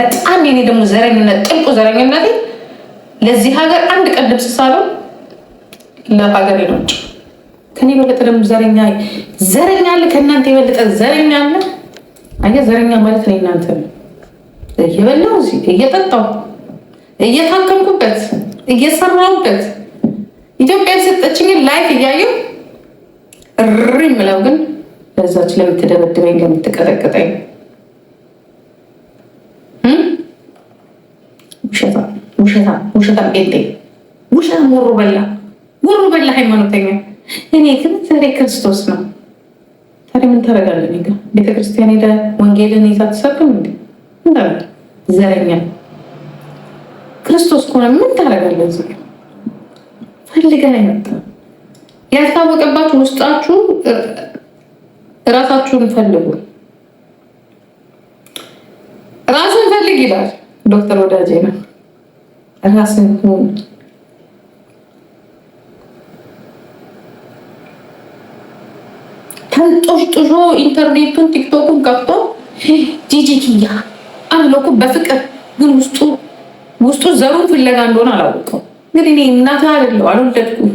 በጣም የኔ ደግሞ ዘረኝነት ጥልቁ ዘረኝነት ለዚህ ሀገር አንድ ቀን ልብስ ሳለው ለሀገር ነጭ ከኔ የበለጠ ደግሞ ዘረኛ ዘረኛ አለ። ከእናንተ የበለጠ ዘረኛ አለ። አየህ ዘረኛ ማለት ነው እናንተ እየበላው እዚህ እየጠጣው እየታከምኩበት እየሰራውበት ኢትዮጵያ የሰጠችኝን ላይፍ እያየሁ እሪ ምለው ግን ለዛች ለምትደበድበኝ ለምትቀጠቅጠኝ ውሸታም ውሸታም ውሸታም ጴንጤ ውሸታም ወሮ በላ ወሮ በላ ሃይማኖተኛ። እኔ ግን ዛሬ ክርስቶስ ነው። ታዲያ ምን ታደርጋለን? ጋ ቤተክርስቲያን ሄደ ወንጌልን ይዛ ትሰርም እንዴ? እንዳ ዘረኛ ክርስቶስ ከሆነ ምን ታደርጋለን? እዚህ ፈልገን አይመጣ ያልታወቀባችሁ ውስጣችሁ እራሳችሁን ፈልጉ። ራሱን ፈልግ ይላል ዶክተር ወዳጄ ነው። ራስን ሁን። ተንጦሽጥሾ ኢንተርኔቱን ቲክቶኩን ከፍቶ ጂጂ ኪያ አብሎ በፍቅር ግን ውስጡ ውስጡ ዘሩን ፍለጋ እንደሆነ አላወቅም። እንግዲህ እኔ እናት አደለው አልወለድኩም፣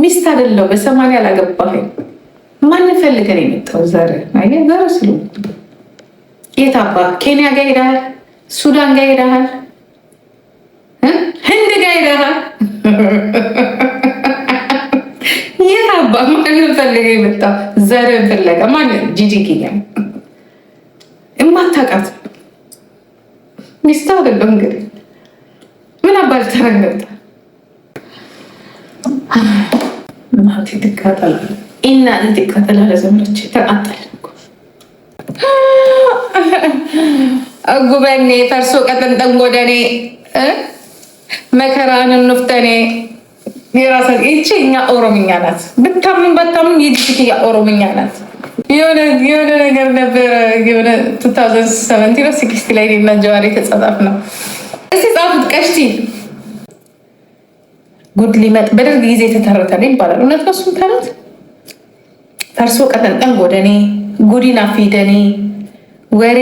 ሚስት አደለው በሰማንያ አላገባህም። ማን ፈልገን የመጣው ዘር ዘር ስሉ የት ኬንያ ጋር ሄዳል ሱዳን ጋር ሄደሃል፣ ህንድ ጋር ሄደሃል። የት አባ ማንን ፈልገህ የመጣው? ዘርን ፍለጋ ማንን? ጂጂኪያ እማታውቃት ሚስት አይደለም እንግዲህ ምን አባ ልታረገጣ እናቴ ትቃጠላለች፣ እናቴ ትቃጠላለች። ዘመዶቼ ተቃጠል ጉበኔ ፈርሶ ቀጠንጠን ጎደኔ መከራን ንፍተኔ የራሳ ይቺ እኛ ኦሮምኛ ናት። ብታምን ባታምን የጅጅክ ኦሮምኛ ናት። የሆነ ነገር ነበር የሆነ 2007 ነው ሲክስቲ ላይ እና ጀዋሪ የተጻጻፍ ነው። እስቲ ጻፉት። ቀሽቲ ጉድ ሊመጥ በደርግ ጊዜ የተተረተ ይባላል። እውነት ነው። እሱም ተረት ተርሶ ቀጠንጠን ጎደኔ ጉዲና ፊደኔ ወሬ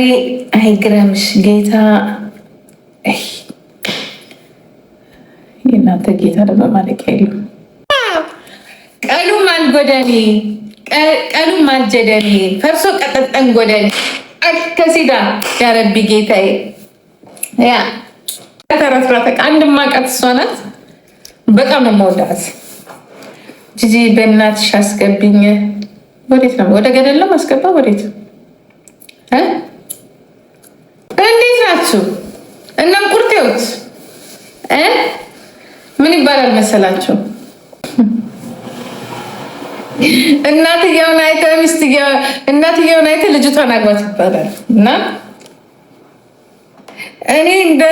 አይግረምሽ ጌታ የእናንተ ጌታ ደግሞ ማለቂያ የለም። ቀሉም አልጎደኔ ቀሉም አልጀደኔ ፈርሶ ቀጠጠን ጎደኔ ከሲዳ ያረቢ ጌታዬ ያ ከተረፍረፈ አንድ ማቀት እሷ ናት። በጣም ነው መወዳት ጂጂ በእናትሽ አስገብኝ ወዴት ነው? ወደ ገደል ማስገባ? ወዴት? እንዴት ናችሁ? እናም ቁርጤዎች ምን ይባላል መሰላችሁ? እናትየውን አይተህ ሚስትየው እናትየውን አይተህ ልጅቷን አግባት ይባላል። እና እኔ እንደ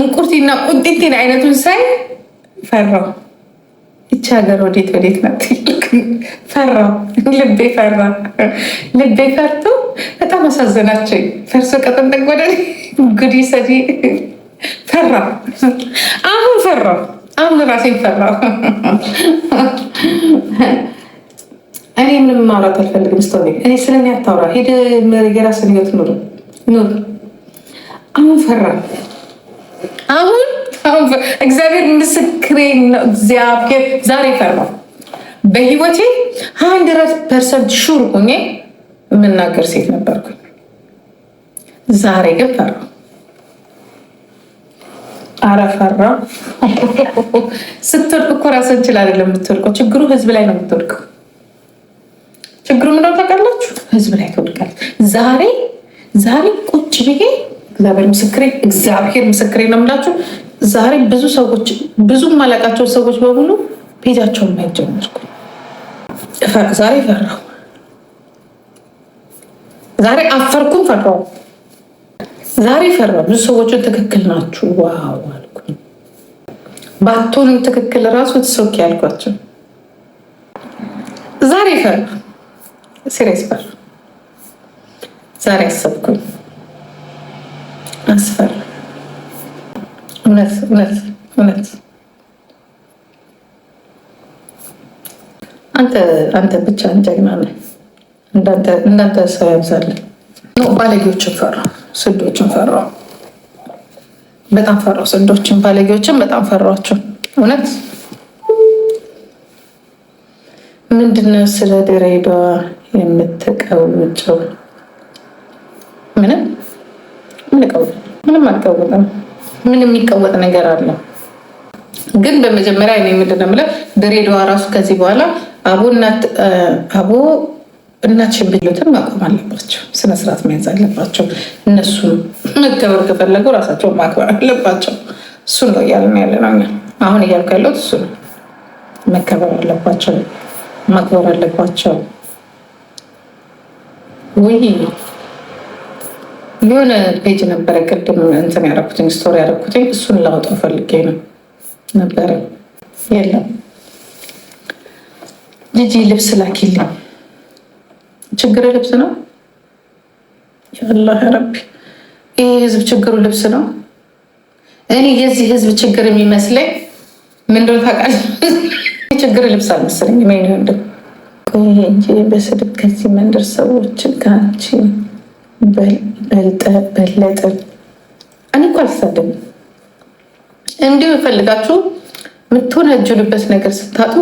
እንቁርቲና ቁንጢቲን አይነቱን ሳይ ፈራው። ይቻ ሀገር ወዴት ወዴት ናት? ፈራ፣ ልቤ ፈራ። ልቤ ፈርቶ በጣም አሳዘናቸው። ፈርሶ ቀጠን ጠጎደ ጉዲ ሰዲ ፈራ። አሁን ፈራ፣ አሁን ራሴን ፈራ። እኔ ምንም ማውራት አልፈልግም። ስቶ እኔ ስለኔ አታውራ፣ ሄደ የራስን ህይወት ኑር ኑር። አሁን ፈራ፣ አሁን እግዚአብሔር ምስክሬ ነው። እግዚአብሔር ዛሬ ፈራ በህይወቴ ሀንድረድ ፐርሰንት ሹር ሆኜ የምናገር ሴት ነበርኩኝ። ዛሬ ግን ፈራ አረፈራ ስትወድቅ እኮ ራስን ችላ አይደለም ችግሩ ህዝብ ላይ ነው የምትወድቀው። ችግሩ ምንደ ታውቃላችሁ? ህዝብ ላይ ትወድቃለች። ዛሬ ዛሬ ቁጭ ብዬ እግዚአብሔር ምስክሬ እግዚአብሔር ምስክሬ ነው የምላችሁ። ዛሬ ብዙ ሰዎች ብዙ ማላቃቸው ሰዎች በሙሉ ፔጃቸውን ማየት ዛሬ ፈራው ዛሬ አፈርኩም፣ ፈራው ዛሬ ፈራው ብዙ ሰዎችን ትክክል ናችሁ ዋው አልኩ። ባትሆንም ትክክል ራሱ ትሰኪ ያልኳቸው ዛሬ ፈራ፣ ሲሬስ ፈራ። ዛሬ አሰብኩኝ። አስፈራ እውነት እውነት እውነት አንተ አንተ ብቻ ጀግና ነህ። እንዳንተ ሰው ያብዛለን። ባለጌዎችን ፈራ፣ ስዶችን ፈራ፣ በጣም ፈራሁ። ስዶችን ባለጌዎችን በጣም ፈራቸው እውነት ምንድነው ስለ ድሬዳዋ የምትቀውጭው? ምንም ምንም አልቀውጥም። ምን የሚቀወጥ ነገር አለ? ግን በመጀመሪያ እኔ ምንድነው ነው የምለው ድሬዳዋ ራሱ ከዚህ በኋላ አቦ እናት ሽንብሎትን ማቆም አለባቸው። ስነስርዓት መያዝ አለባቸው። እነሱን መከበር ከፈለጉ ራሳቸው ማክበር አለባቸው። እሱን ነው እያልን ያለ ነው። አሁን እያልኩ ያለሁት እሱ ነው። መከበር አለባቸው፣ ማክበር አለባቸው። ውይ የሆነ ፔጅ ነበረ ቅድም እንትን ያደረኩትኝ ስቶሪ ያደረኩትኝ እሱን ላወጣው ፈልጌ ነው ነበረ የለም ልጅ ልብስ ላኪልኝ። ችግር ልብስ ነው። ያላህ ረቢ፣ ይህ ህዝብ ችግሩ ልብስ ነው። እኔ የዚህ ህዝብ ችግር የሚመስለኝ ምንድን ታውቃለህ? ችግር ልብስ አልመሰለኝ ሜን ወንድ ቆይ እንጂ በስድብ ከዚህ መንደር ሰዎችን ከአንቺ በለጠ። እኔ እኮ አልሳደብም። እንዲሁ የፈልጋችሁ የምትሆነ እጅሉበት ነገር ስታጡ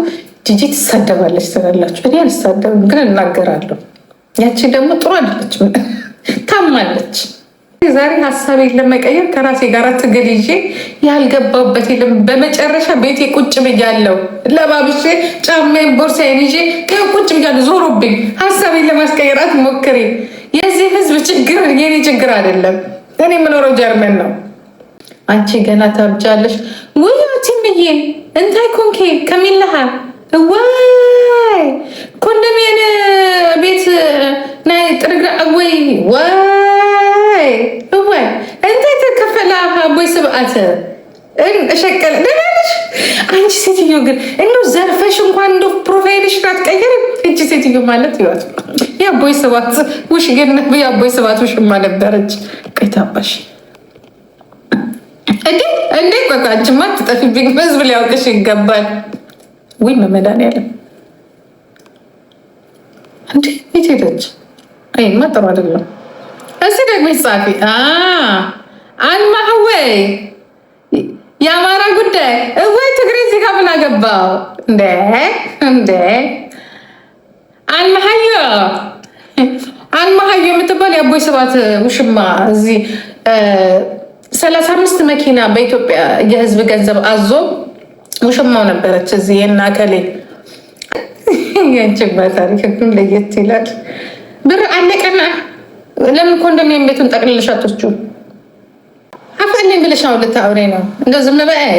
ጂጂ ትሳደባለች ትላላችሁ። እኔ አልሳደብም ግን እናገራለሁ። ያቺ ደግሞ ጥሩ አለች ታማለች። ዛሬ ሀሳቤን ለመቀየር ከራሴ ጋር ትግል ይዤ ያልገባበት የለም። በመጨረሻ ቤቴ ቁጭ ብያለሁ፣ ለባብሼ ጫማዬን፣ ቦርሳዬን ይዤ ቁጭ ብያለሁ። ዞሮብኝ ሀሳቤን ለማስቀየራት ሞክሬ የዚህ ህዝብ ችግር የኔ ችግር አይደለም። እኔ የምኖረው ጀርመን ነው። አንቺ ገና ታብጃለሽ። ውያ ትምዬ እንታይ ኮንኬ ከሚልሃል እዋይ ኮንዶሚን ቤት ናይ ጥርግራ እወይ ዋይ እዋይ እንታይ ተከፈላ ቦይ ስብኣት እሸቀል ደናለሽ አንቺ ሴትዮ ግን እንዶ ዘርፈሽ እንኳን እንዶ ፕሮፋይልሽ ናትቀይር እቺ ሴትዮ ማለት ይወት የአቦይ ስብዓት ውሽ ግን የአቦይ ስብዓት ውሽማ ነበረች። ቀይታባሽ እንዴ እንዴ ቆቃችማ ትጠፊብኝ ህዝብ ሊያውቅሽ ይገባል። ወይም መድኃኒዓለም እንዴ የት ሄደች? ይህማ ጥሩ አይደለም። እዚህ ደግሞ ይጻፊ አንማህወይ የአማራ ጉዳይ እወይ ትግሬ እዚህ ጋር ምን አገባው እንዴ እንዴ አንማሀዮ አንማሀዮ የምትባል የአቦይ ስብሐት ውሽማ እዚህ ሰላሳ አምስት መኪና በኢትዮጵያ የህዝብ ገንዘብ አዞ ውሽማው ነበረች እዚህ የና ከሌ ያንችባ ታሪክ ለየት ይላል። ብር አለቀና ለምን ኮንዶሚኒየም ቤቱን ጠቅልልሽ አትወስጩ አፈልን ብለሽ ነው ልታውሬ ነው እንደ ዝም በይ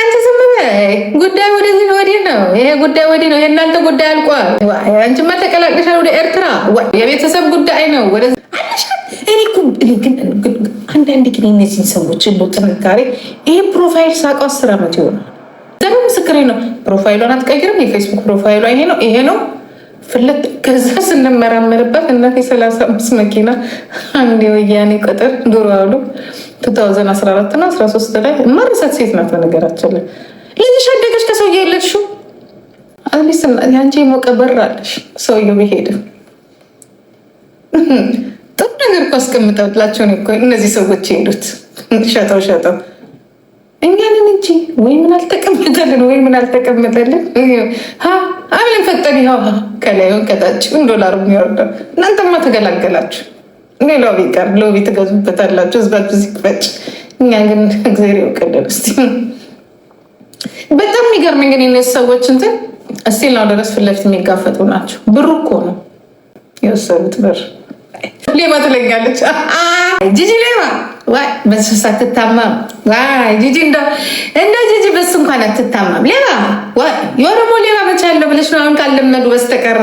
አንቺ ዝም በይ። ጉዳይ ወደዚህ ወዲህ ነው፣ ይሄ ጉዳይ ወዲህ ነው። የእናንተ ጉዳይ አልቋል። አንቺማ ተቀላቅለሻል ወደ ኤርትራ። የቤተሰብ ጉዳይ ነው ወደ እኔ አንዳንድ ግን እነዚህን ሰዎች ሉ ጥንካሬ ይሄ ፕሮፋይል ሳውቀው አስር ዓመት ይሆናል። ደግሞ ምስክሬ ነው። ፕሮፋይሏን አትቀይርም። የፌስቡክ ፕሮፋይሏ ይሄ ነው ይሄ ነው ፍለት ከዛ ስንመራመርበት እናቴ ሰላሳ አምስት መኪና አንድ የወያኔ ቁጥር ዱሮ አሉ 2014 እና 13 ላይ ማረሳት ሴት ናት። በነገራችን ላይ ልጅሽ አደገች ከሰውዬ የለሽው አንቺ የሞቀ በር አለሽ ሰውዬው ቢሄድም አስቀምጠውላቸው እኮ እነዚህ ሰዎች ሄዱት ሸጠው ሸጠው እኛንን እንጂ ወይ ምን አልተቀመጠልን ወይ ምን አልተቀመጠልን አብለን ፈጠን ይኸው ከላይሆን ከታች ዶላር የሚወርደው እናንተማ ተገላገላችሁ። እኔ ሎቢ ቀር ሎቢ ትገዙበታላችሁ ህዝባችሁ ሲፈጭ። እኛ ግን እግዜር ይወቀልን። በጣም የሚገርም ግን እነዚህ ሰዎች እንትን እስቲል ነው ድረስ ፊት ለፊት የሚጋፈጡ ናቸው። ብሩ እኮ ነው የወሰዱት ብር ሌባ ትለኛለች። ጂጂ ሌባ በሱስ አትታማም። ጂጂ እንደ ጂጂ በሱ እንኳን አትታማም። ሌባ የኦሮሞ ሌባ መቻ ያለው ብለሽ ነው አሁን ካልለመዱ በስተቀረ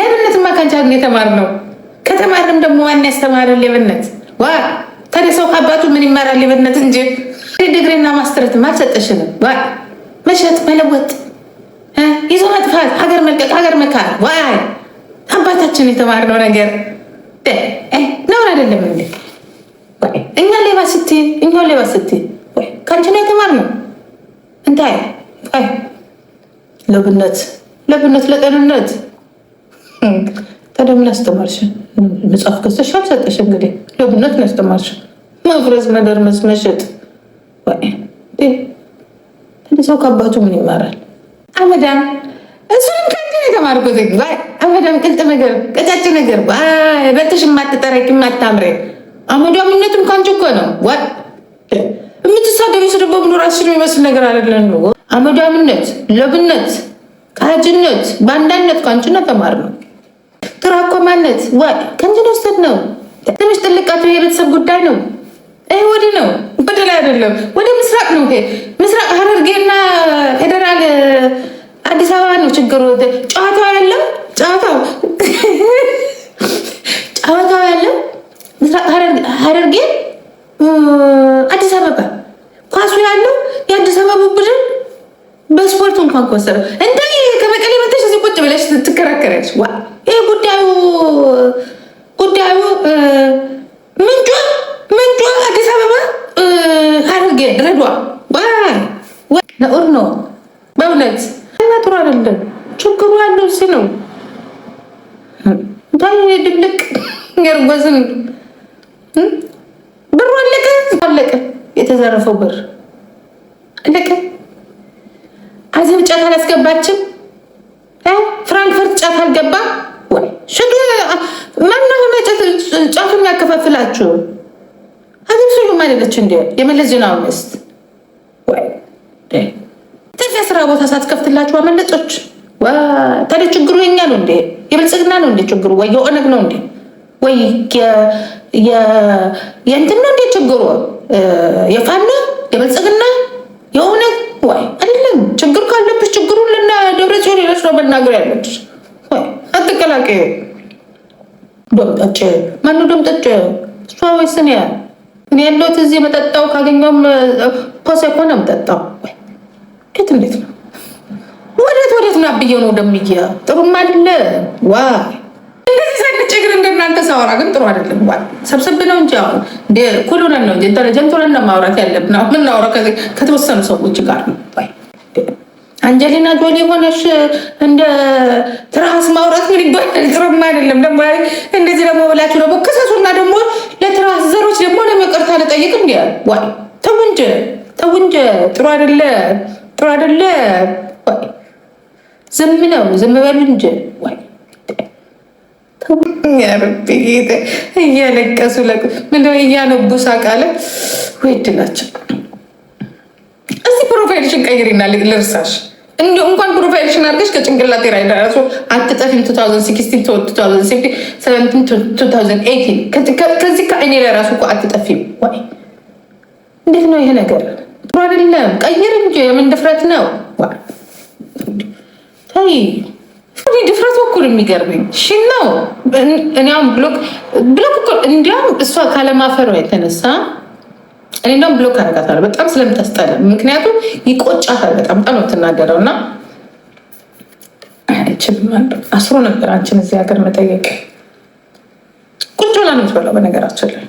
ሌብነትማ ከአንቺ የተማርነው ከተማርም ደግሞ ዋና ያስተማረን ሌብነት ታዲያ ሰው ከአባቱ ምን ይማራል? ሌብነት እንጂ ዲግሪና ማስተርትም አልሰጠሽንም። መሸጥ፣ መለወጥ፣ ይዞ መጥፋት፣ ሀገር መልቀቅ፣ ሀገር መካል አባታችን የተማርነው ነገር ነውር አይደለም እንዴ? እኛ ሌባ ስት እኛ ሌባ ስትል ከአንቺ ነው የተማርነው። እንታይ ለብነት ለብነት ለጤንነት ተደምን አስተማርሽ። መጽሐፍ ገዝተሽ አልሰጠሽ። እንግዲህ ለብነት ነው ያስተማርሽ። መፍረዝ፣ መደርመስ፣ መሸጥ ሰው ከአባቱ ምን ይማራል? አመዳም እሱንም ከንትን የተማርኩት አመዳም ቅልጥ ነገር ቀጫጭ ነገር በትሽ የማትጠረቂ የማታምሬ አመዳምነት እንኳን ችኮ ነው የምትሳደቢ ስድቦ ብሎ ራስሽን የሚመስል ነገር አይደለም። አመዳምነት፣ ለብነት፣ ቃጅነት፣ በአንዳነት ከአንቺና ተማር ነው ትራኮማነት ዋድ ከንጅን ውስጥ ነው። ትንሽ ጥልቃቱ የቤተሰብ ጉዳይ ነው። ይህ ወደ ነው ወደ ላይ አይደለም፣ ወደ ምስራቅ ነው። ምስራቅ ሀረርጌና ፌደራል አዲስ አበባ ነው ችግሩ። ጨዋታው ያለው ጨዋታው ጨዋታው ያለው ምስራቅ ሐረርጌ አዲስ አበባ ኳሱ ያለው የአዲስ አበባ ቡድን በስፖርቱ እንኳን ከወሰደው እንደ ከመቀሌ መተሽ እዚህ ቁጭ ብለሽ ትከራከረች። ዋ ይህ ጉዳዩ ጉዳዩ ምንጩ ምንጩ አዲስ አበባ ሐረርጌ ድረዷ ነኡር ነው ሪጅን አምስት ጥፍ የስራ ቦታ ሳትከፍትላችሁ አመለጦች። ታዲያ ችግሩ የኛ ነው እንዴ? የብልጽግና ነው እንዴ ችግሩ? ወይ የኦነግ ነው እንዴ? ወይ የእንትን ነው እንዴ ችግሩ? የፋኖ የብልጽግና የኦነግ ወይ አይደለም። ችግር ካለብሽ ችግሩን ልና ደብረጽዮን ሌሎች ነው መናገር ያለብሽ። አትቀላቀዩ። ዶምጠጭ ማነው ዶምጠጭ? እሷ ወይስ እኔ እኔ ያለሁት እዚህ የመጠጣው ካገኘውም ፖሴ እኮ ነው የምጠጣው። ት እንዴት ነው ወዴት ወዴት ነው አብዬ ነው ደምዬ ጥሩም አይደለ ዋ እንደዚህ ሰንጭ እግር እንደናንተ ሳወራ ግን ጥሩ አይደለም። ዋ ሰብሰብ ነው እንጂ አሁን እንደ ኩሉነን ነው እንጂ ኢንተለጀንት ሆነን ማውራት ያለብን። አሁን ምናወራ ከተወሰኑ ሰዎች ጋር ነው። አንጀሊና ጆሊ ሆነሽ እንደ ትራንስ ማውራት ምን ይባላል? ጥሩም አይደለም። ደግሞ እንደዚህ ደግሞ ብላችሁ ደግሞ ክሰሱና ደግሞ ለትራንስ ዘሮች ደግሞ ለመቅርታ ልጠይቅ እንዲ ዋይ ተው እንጂ ተው እንጂ። ጥሩ አይደለ ጥሩ አይደለ። ዝም ነው ዝም በሉ እንጂ ዋይ እያለቀሱ ምንድን ነው እያነቡ ሳቃለ ወይድ ናቸው። እስቲ ፕሮፋይልሽን ቀይሪና ልርሳሽ። እንዲሁ እንኳን ፕሮፌሽን አድርገሽ ከጭንቅላቴ ላይ ደረሱ። አትጠፊም። 2016 ከዚህ ከአይኔ ላይ ራሱ እኮ አትጠፊም። ወይ እንዴት ነው ይሄ ነገር? ጥሩ አይደለም። ቀይር እንጂ የምን ድፍረት ነው? ይ ድፍረት በኩል የሚገርመኝ ሺ ነው። እኔም ብሎክ ብሎክ እኮ እንዲያውም እሷ ካለማፈሯ የተነሳ እኔ እንደውም ብሎክ አደርጋታለሁ በጣም ስለምታስጠለ ምክንያቱም ይቆጫታል በጣም በጣም ነው የምትናገረው እና አስሮ ነበር አንቺን እዚህ ሀገር መጠየቅ። ቁጭ ብላ ነው የምትበላው። በነገራችን ላይ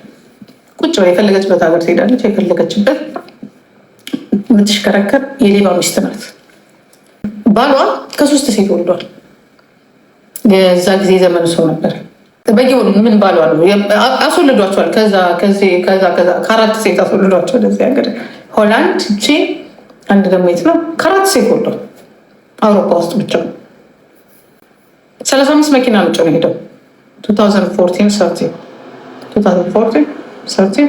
ቁጭ ብላ የፈለገችበት ሀገር ትሄዳለች። የፈለገችበት የምትሽከረከር የሌባ ሚስት ናት። ባሏ ከሶስት ሴት ወልዷል። የዛ ጊዜ ዘመኑ ሰው ነበር በጊሆን ምን ባሏ ነው አስወልዷቸዋል። ከዛ ከአራት ሴት አስወልዷቸው ወደዚህ ሀገር ሆላንድ፣ ቼ አንድ ደግሞ የት ነው ከአራት ሴት ወልዷል። አውሮፓ ውስጥ ብቻ ሰላሳ አምስት መኪና ነው ጭነው ሄደው 2014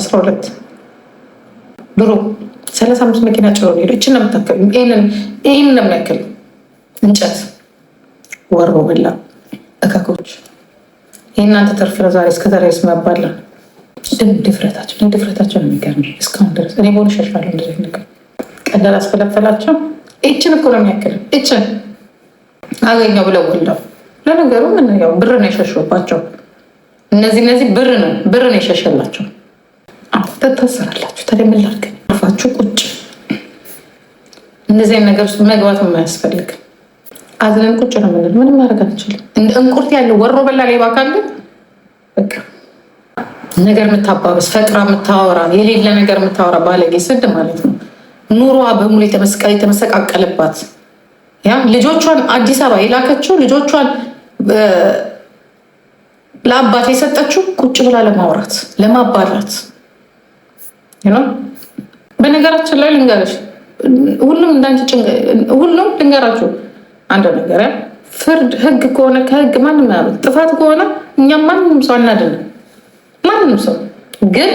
አስራ ሁለት ድሮ ሰላሳ አምስት መኪና ጭነው ሄደው ይችን ለምታከል ይህን ለሚያክል እንጨት ወሮ በላ እካኮች የእናንተ ተርፍ ለዛሬ እስከዛሬ ስመባለን ግን ድፍረታቸው ድፍረታቸው ነው የሚገርም። እስካሁን ድረስ እኔ በሆን ሸሻለሁ እንደዚህ ነገር ቀላል አስፈለፈላቸው። እችን እኮ ነው የሚያክል እችን አገኘው ብለው ወልደው ለነገሩ ምን ያው ብር ነው የሸሸባቸው። እነዚህ እነዚህ ብር ነው ብር ነው የሸሸላቸው። ትታሰራላችሁ። ታዲያ ምን ላድርግ? አርፋችሁ ቁጭ። እንደዚህ ነገር ውስጥ መግባት የማያስፈልግ አዝነን ቁጭ ነው የምንል። ምንም ማድረግ አንችልም። እንደ እንቁርት ያለው ወሮ በላ ሌባ ካለ ነገር የምታባበስ ፈጥራ የምታወራ የሌለ ነገር የምታወራ ባለጌ ስድ ማለት ነው። ኑሯ በሙሉ የተመሰቃቀለባት ያም ልጆቿን አዲስ አበባ የላከችው ልጆቿን ለአባት የሰጠችው ቁጭ ብላ ለማውራት ለማባራት። በነገራችን ላይ ልንገረች ሁሉም እንዳንቺ ሁሉም ልንገራችሁ አንድ ነገር ፍርድ ህግ ከሆነ ከህግ ማንም ያመት ጥፋት ከሆነ እኛም ማንም ሰው አናድንም። ማንም ሰው ግን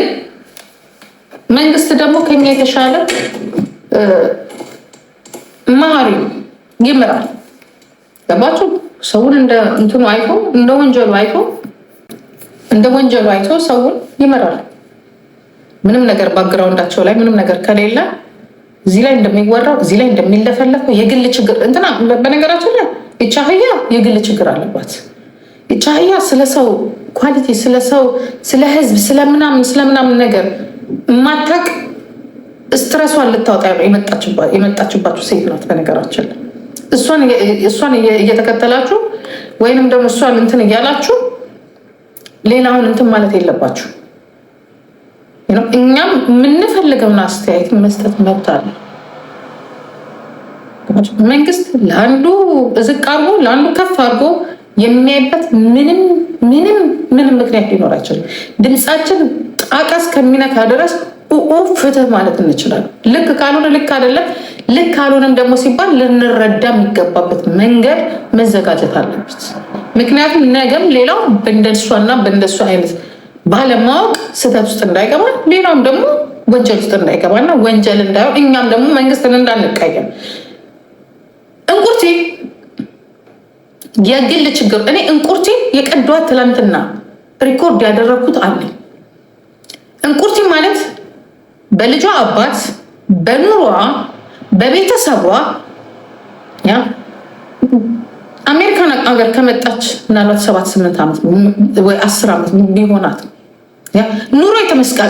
መንግስት ደግሞ ከኛ የተሻለ መሀሪ ይምራል። ገባችሁ? ሰውን እንደ እንትኑ አይቶ እንደ ወንጀሉ አይቶ እንደ ወንጀሉ አይቶ ሰውን ይመራል። ምንም ነገር ባግራውንዳቸው ላይ ምንም ነገር ከሌለ እዚህ ላይ እንደሚወራው እዚህ ላይ እንደሚለፈለፈው የግል ችግር እንትና በነገራችን ላይ ይቺ የግል ችግር አለባት። ይቺ ስለ ሰው ኳሊቲ፣ ስለ ሰው፣ ስለ ህዝብ፣ ስለምናምን ስለምናምን ነገር ማታቅ ስትረሷን ልታወጣ የመጣችባችሁ ሴት ናት። በነገራችን እሷን እየተከተላችሁ ወይንም ደግሞ እሷን እንትን እያላችሁ ሌላውን እንትን ማለት የለባችሁ። እኛም የምንፈልገውን አስተያየት መስጠት መብት አለ። መንግስት ለአንዱ ዝቅ አድርጎ ለአንዱ ከፍ አድርጎ የሚያይበት ምንም ምንም ምንም ምክንያት ሊኖር አይችልም። ድምፃችን ጣቃ እስከሚነካ ድረስ ኡኡ ፍትህ ማለት እንችላለን። ልክ ካልሆነ ልክ አይደለም፣ ልክ ካልሆነም ደግሞ ሲባል ልንረዳ የሚገባበት መንገድ መዘጋጀት አለበት። ምክንያቱም ነገም ሌላው በእንደሷና በእንደሷ አይነት ባለማወቅ ስህተት ውስጥ እንዳይገባ ሌላም ደግሞ ወንጀል ውስጥ እንዳይገባ እና ወንጀል እንዳይሆን እኛም ደግሞ መንግስትን እንዳንቀየም እንቁርቲ የግል ችግር እኔ እንቁርቲ የቀዷት ትላንትና ሪኮርድ ያደረግኩት አለ። እንቁርቲ ማለት በልጇ አባት በኑሯ በቤተሰቧ አሜሪካን ሀገር ከመጣች ምናልባት ሰባት ስምንት ዓመት ወይ አስር ዓመት ቢሆናት ኑሮ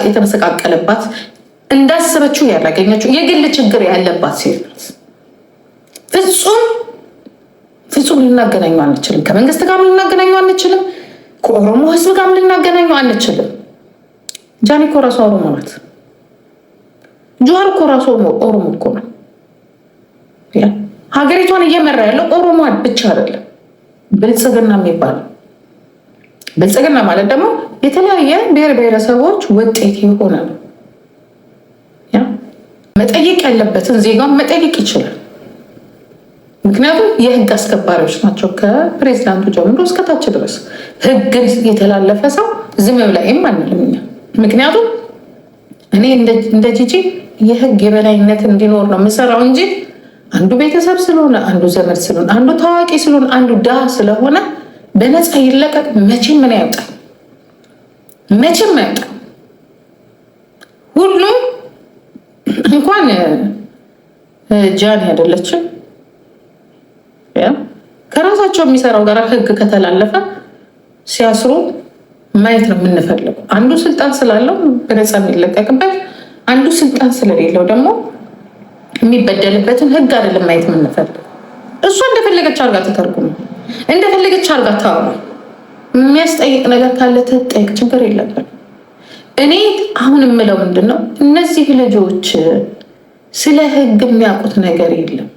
የተመሰቃቀለባት እንዳሰበችው ያላገኘችው የግል ችግር ያለባት ሴት ናት። ፍጹም ፍጹም ልናገናኙ አንችልም። ከመንግስት ጋርም ልናገናኙ አንችልም። ከኦሮሞ ህዝብ ጋርም ልናገናኙ አንችልም። ጃኒ እኮ ኦሮሞ ናት። ጁዋር እኮ ራሱ ኦሮሞ እኮ ነው። ሀገሪቷን እየመራ ያለው ኦሮሞ ብቻ አይደለም፣ ብልጽግና የሚባለው ብልጽግና ማለት ደግሞ የተለያየ ብሔር ብሔረሰቦች ውጤት የሆነ ነው። መጠየቅ ያለበትን ዜጋውን መጠየቅ ይችላል። ምክንያቱም የህግ አስከባሪዎች ናቸው፣ ከፕሬዚዳንቱ ጀምሮ እስከታች ድረስ ህግን የተላለፈ ሰው ዝም ብላይም አንልም እኛ። ምክንያቱም እኔ እንደ ጂጂ የህግ የበላይነት እንዲኖር ነው የምሰራው እንጂ አንዱ ቤተሰብ ስለሆነ፣ አንዱ ዘመድ ስለሆነ፣ አንዱ ታዋቂ ስለሆነ፣ አንዱ ድሃ ስለሆነ በነፃ ይለቀቅ። መቼም ምን ያውጣል? መቼም ያውጣ። ሁሉም እንኳን ጃን ያደለችም ከራሳቸው የሚሰራው ጋር ህግ ከተላለፈ ሲያስሩ ማየት ነው የምንፈልገው። አንዱ ስልጣን ስላለው በነፃ የሚለቀቅበት፣ አንዱ ስልጣን ስለሌለው ደግሞ የሚበደልበትን ህግ አይደለም ማየት የምንፈልገው። እሷ እንደፈለገች አርጋ ተተርጉም እንደፈለገች አርጋ ታወሩ። የሚያስጠይቅ ነገር ካለ ትጠይቅ፣ ችግር የለብን። እኔ አሁን የምለው ምንድን ነው፣ እነዚህ ልጆች ስለ ህግ የሚያውቁት ነገር የለም።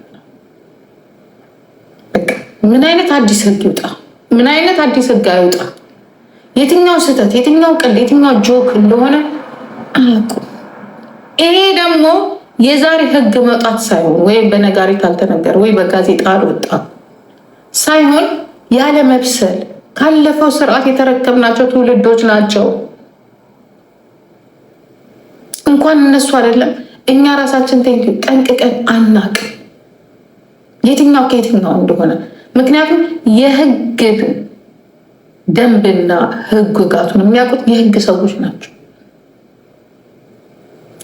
ምን አይነት አዲስ ህግ ይውጣ፣ ምን አይነት አዲስ ህግ አይውጣ፣ የትኛው ስህተት፣ የትኛው ቅል፣ የትኛው ጆክ እንደሆነ አያውቁም። ይሄ ደግሞ የዛሬ ህግ መውጣት ሳይሆን ወይም በነጋሪት አልተነገረ ወይ በጋዜጣ አልወጣም ሳይሆን ያለ መብሰል ካለፈው ስርዓት የተረከብናቸው ትውልዶች ናቸው። እንኳን እነሱ አይደለም እኛ ራሳችን ቴንክ ጠንቅቀን አናቅ የትኛው ከየትኛው እንደሆነ። ምክንያቱም የህግ ደንብና ህግጋቱን የሚያውቁት የህግ ሰዎች ናቸው።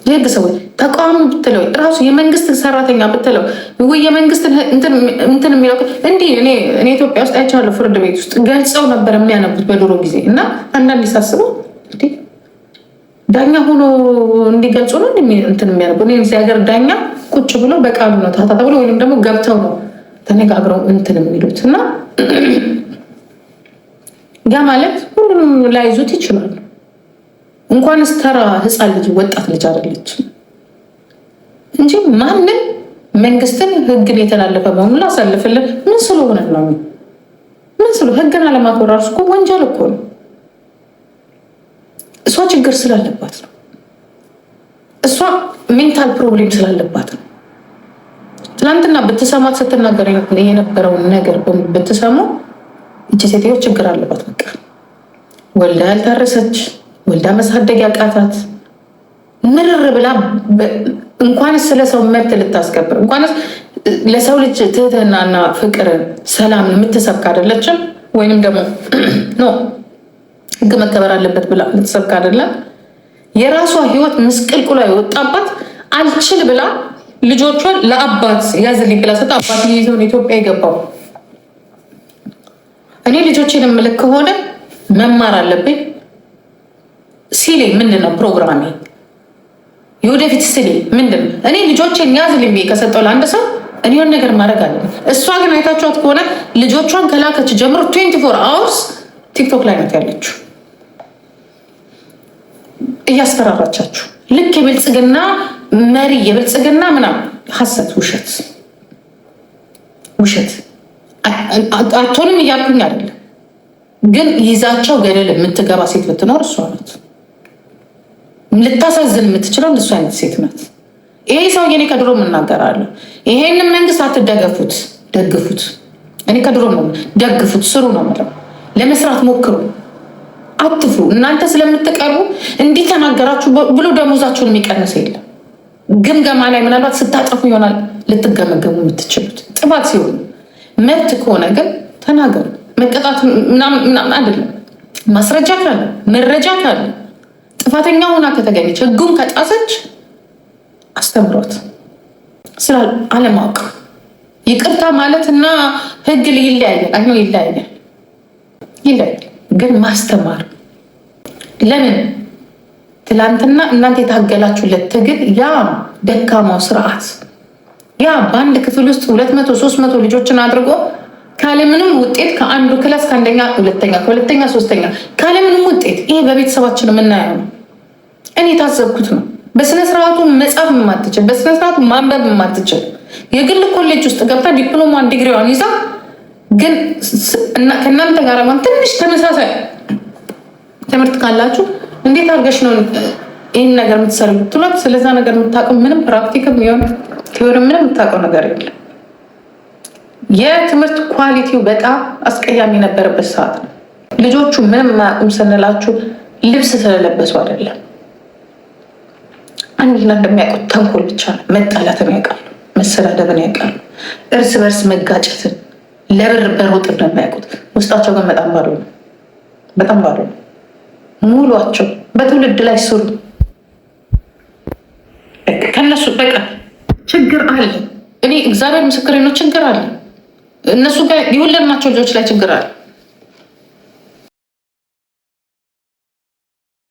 የህግ ሰዎች ተቋሙ ብትለው ራሱ የመንግስት ሰራተኛ ብትለው ወይ የመንግስት እንትን የሚለው እንዲህ እኔ ኢትዮጵያ ውስጥ አይቻለሁ። ፍርድ ቤት ውስጥ ገልጸው ነበር የሚያነቡት በድሮ ጊዜ እና አንዳንድ ሳስበው ዳኛ ሆኖ እንዲገልጹ ነው እንትን የሚያነቡ እዚህ ሀገር ዳኛ ቁጭ ብሎ በቃሉ ነው ታታ ተብሎ ወይም ደግሞ ገብተው ነው ተነጋግረው እንትን የሚሉት እና ያ ማለት ሁሉንም ላይዙት ይችላሉ። እንኳንስ ተራ ህፃን ልጅ ወጣት ልጅ አይደለች እንጂ ማንም መንግስትን ህግን የተላለፈ መሆኑን ላሳልፍልን ምን ስለሆነ ነው? ምን ስለ ህግን አለማክበር እኮ ወንጀል እኮ ነው። እሷ ችግር ስላለባት ነው። እሷ ሜንታል ፕሮብሌም ስላለባት ነው። ትናንትና ብትሰማት ስትናገር የነበረውን ነገር ብትሰሙ እች ሴትዮ ችግር አለባት። በቃ ወልዳ ያልታረሰች ወልዳ መሳደግ ያቃታት ምርር ብላ እንኳንስ ስለ ሰው መብት ልታስከብር እንኳንስ ለሰው ልጅ ትህትናና ፍቅርን ሰላም የምትሰብክ አይደለችም። ወይንም ደግሞ ኖ ህግ መከበር አለበት ብላ የምትሰብክ አይደለም። የራሷ ህይወት ምስቅልቅሏ የወጣባት አልችል ብላ ልጆቿን ለአባት ያዝልኝ ብላ ሰጥ አባት ይዘውን ኢትዮጵያ የገባው እኔ ልጆችን የምልክ ከሆነ መማር አለብኝ ሲሌ ምንድን ነው ፕሮግራሜ? የወደፊት ሲሌ ምንድን ነው? እኔ ልጆቼን ያዝልኝ ብዬ ከሰጠው ለአንድ ሰው እኔ ነገር ማድረግ አለ። እሷ ግን አይታችኋት ከሆነ ልጆቿን ከላከች ጀምሮ ትዌንቲ ፎር አወርስ ቲክቶክ ላይ ናት ያለችው፣ እያስፈራራቻችሁ ልክ የብልጽግና መሪ የብልጽግና ምናምን ሀሰት ውሸት፣ ውሸት አቶንም እያልኩኝ አይደለም፣ ግን ይዛቸው ገደል የምትገባ ሴት ብትኖር እሷ ናት። ልታሳዝን የምትችለው እንደሱ አይነት ሴት ናት። ይሄ ሰውዬ እኔ ከድሮ የምናገራለሁ፣ ይሄንን መንግስት አትደገፉት፣ ደግፉት። እኔ ከድሮ ነው ደግፉት፣ ስሩ ነው የምለው። ለመስራት ሞክሩ፣ አትፍሩ። እናንተ ስለምትቀርቡ እንዲህ ተናገራችሁ ብሎ ደሞዛችሁን የሚቀንስ የለም። ግምገማ ላይ ምናልባት ስታጠፉ ይሆናል ልትገመገሙ የምትችሉት ጥፋት ሲሆኑ መብት ከሆነ ግን ተናገሩ። መቀጣት ምናምን አይደለም። ማስረጃ ካለ መረጃ ካለ ጥፋተኛ ሆና ከተገኘች ህጉን ከጣሰች አስተምሯት። ስራ አለማወቅ ይቅርታ ማለት እና ህግ ይለያያል። አይ ይለያያል፣ ግን ማስተማር ለምን ትላንትና እናንተ የታገላችሁለት ትግል ያ ደካማው ስርዓት ያ በአንድ ክፍል ውስጥ ሁለት መቶ ሶስት መቶ ልጆችን አድርጎ ካለምንም ውጤት ከአንዱ ክላስ ከአንደኛ ሁለተኛ ከሁለተኛ ሶስተኛ ካለምንም ውጤት ይሄ በቤተሰባችን የምናየው ነው። እኔ የታዘብኩት ነው። በስነ ስርዓቱ መጻፍ የማትችል በስነስርዓቱ ማንበብ የማትችል የግል ኮሌጅ ውስጥ ገብታ ዲፕሎማን ዲግሪዋን ይዛ ግን ከእናንተ ጋር ትንሽ ተመሳሳይ ትምህርት ካላችሁ እንዴት አድርገሽ ነው ይህን ነገር የምትሰሩ ትሏት። ስለዛ ነገር የምታውቀው ምንም ፕራክቲክም የሆነ ቲዮሪ ምንም የምታውቀው ነገር የለም። የትምህርት ኳሊቲው በጣም አስቀያሚ የነበረበት ሰዓት ነው። ልጆቹ ምንም አያውቁም ስንላችሁ ልብስ ስለለበሱ አይደለም አንድና እንደሚያውቁት ተንኮል ብቻ ነው። መጣላትን ያውቃሉ፣ መሰዳደብን ያውቃሉ፣ እርስ በርስ መጋጨትን ለብር በሮጥ እንደሚያውቁት ውስጣቸው ግን በጣም ባዶ ነው። በጣም ባዶ ነው። ሙሏቸው በትውልድ ላይ ስሩ ከነሱ በቃ ችግር አለ። እኔ እግዚአብሔር ምስክሬ ነው፣ ችግር አለ። እነሱ ጋር የሁለናቸው ልጆች ላይ ችግር አለ።